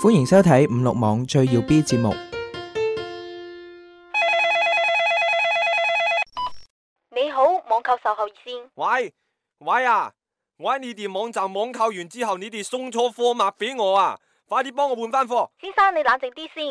歡迎收睇五六網最耀 B 節目。你好，網購售後熱線。喂喂啊！我喺你哋網站網購完之後，你哋送錯貨物畀我啊！快啲幫我換翻貨。先生，你冷靜啲先。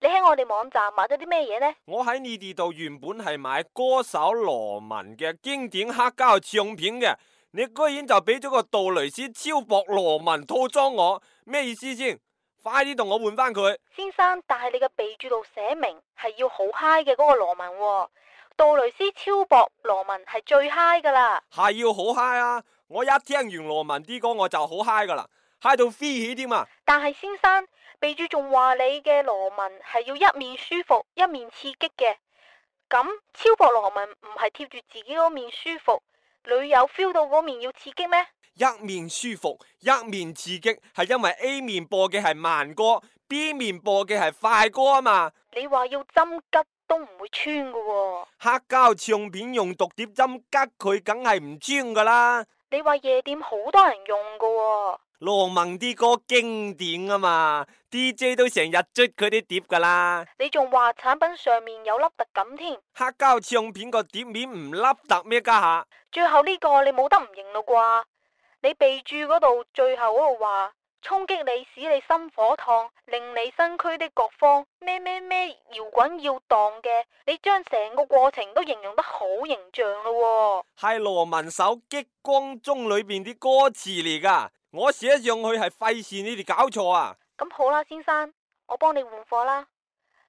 你喺我哋網站買咗啲咩嘢呢？我喺你哋度原本係買歌手羅文嘅經典黑膠唱片嘅，你居然就畀咗個杜蕾斯超薄羅文套裝我，咩意思先？快啲同我換翻佢。先生，但係你嘅備注度寫明係要好嗨嘅嗰個羅文、哦、杜蕾斯超薄羅文係最嗨 i g h 噶啦，係要好嗨 i 啊！我一聽完羅文啲歌，我就好嗨 i g h 噶啦 h 到飛起添啊！但係先生備注仲話你嘅羅文係要一面舒服一面刺激嘅，咁超薄羅文唔係貼住自己嗰面舒服。女友 feel 到嗰面要刺激咩？一面舒服，一面刺激，係因為 A 面播嘅係慢歌，B 面播嘅係快歌啊嘛。你話要針吉都唔會穿噶喎、哦。黑膠唱片用毒碟針吉佢，梗係唔穿噶啦。你話夜店好多人用噶、哦。羅文啲歌經典啊嘛，DJ 都成日追佢啲碟噶啦。你仲話產品上面有凹凸感添？黑膠唱片個碟面唔凹凸咩家下？最後呢個你冇得唔認嘞啩？你備注嗰度最後嗰度話衝擊你使你心火燙，令你身軀的各方咩咩咩搖滾要蕩嘅，你將成個過程都形容得好形象咯。係羅文首《激光中》裏邊啲歌詞嚟噶。我寫上去佢係費事，你哋搞錯啊！咁好啦，先生，我幫你換貨啦。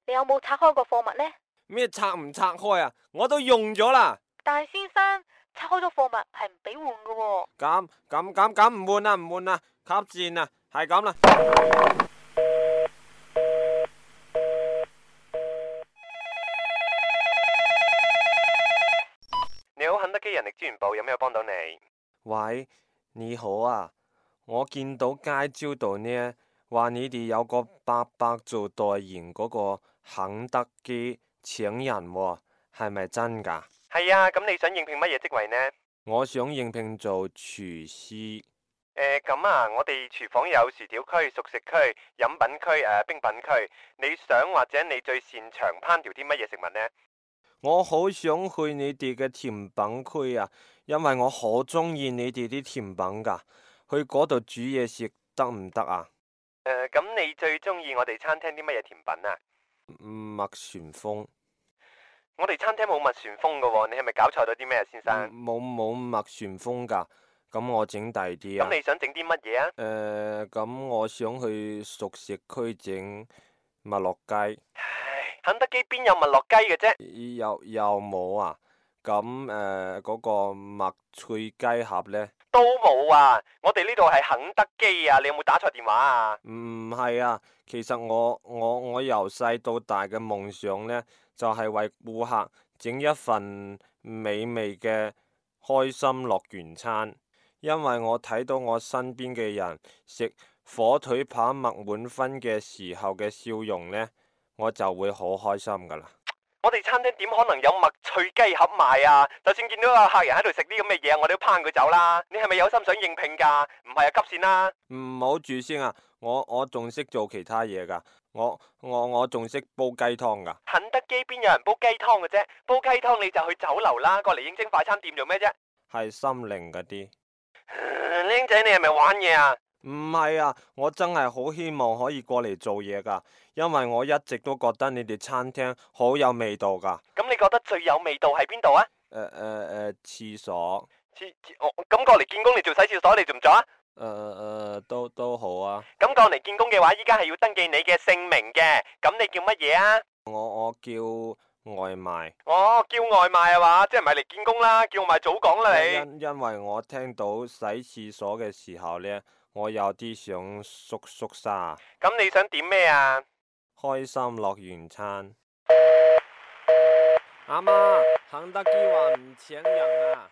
你有冇拆開過貨物呢？咩拆唔拆開啊？我都用咗啦。但係先生，拆開咗貨物係唔畀換噶。咁咁咁咁唔換啊？唔換啊？急戰啊！係咁啦。就是、你好，肯德基人力資源部，有咩幫到你？喂，你好啊。我見到街招度呢，話你哋有個伯伯做代言嗰個肯德基請人喎，係咪真噶？係啊，咁你想應聘乜嘢職位呢？我想應聘做廚師。誒，咁啊，我哋廚房有薯條區、熟食區、飲品區、誒、呃、冰品區。你想，或者你最擅長烹調啲乜嘢食物呢？我好想去你哋嘅甜品區啊，因為我好中意你哋啲甜品噶。去嗰度煮嘢食得唔得啊？誒、呃，咁你最中意我哋餐廳啲乜嘢甜品啊？麥旋風。我哋餐廳冇麥旋風噶、哦，你係咪搞錯咗啲咩啊，先生？冇冇麥旋風噶，咁、嗯、我整第啲啊。咁、嗯、你想整啲乜嘢啊？誒、呃，咁、嗯嗯、我想去熟食區整麥樂雞。肯德基邊有麥樂雞嘅啫？又又有有冇啊？咁、啊、誒，嗰、呃那個麥脆雞盒咧？都冇啊！我哋呢度係肯德基啊！你有冇打錯電話啊？唔係、嗯、啊，其實我我我由細到大嘅夢想呢，就係、是、為顧客整一份美味嘅開心樂園餐，因為我睇到我身邊嘅人食火腿扒麥滿分嘅時候嘅笑容呢，我就會好開心噶啦。我哋餐廳點可能有麥脆雞盒賣啊？就算見到個客人喺度食啲咁嘅嘢，我哋都抨佢走啦。你係咪有心想應聘噶？唔係啊，急線啦。唔好住先啊！我我仲識做其他嘢噶，我我我仲識煲雞湯噶。肯德基邊有人煲雞湯嘅啫？煲雞湯你就去酒樓啦，過嚟應徵快餐店做咩啫？係心靈嗰啲。嗯、僆仔，你係咪玩嘢啊？唔係啊！我真係好希望可以過嚟做嘢噶，因為我一直都覺得你哋餐廳好有味道噶。咁你覺得最有味道係邊度啊？誒誒誒，廁所廁廁。咁過嚟見工，你做洗廁所，你做唔做啊？誒誒，都都好啊。咁、嗯、過嚟見工嘅話，依家係要登記你嘅姓名嘅。咁、嗯、你叫乜嘢啊？我我叫外賣。哦，叫外賣啊嘛？即係唔係嚟見工啦？叫埋早講啦你。因、嗯、因為我聽到洗廁所嘅時候呢。我有啲想縮縮，沙，咁、嗯、你想點咩啊？開心樂園餐，阿媽、啊，肯德基話唔請人啊！